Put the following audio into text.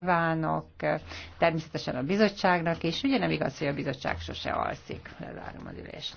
válnak, természetesen a bizottságnak, és ugye nem igaz, hogy a bizottság sose alszik. Lezárom az ülést.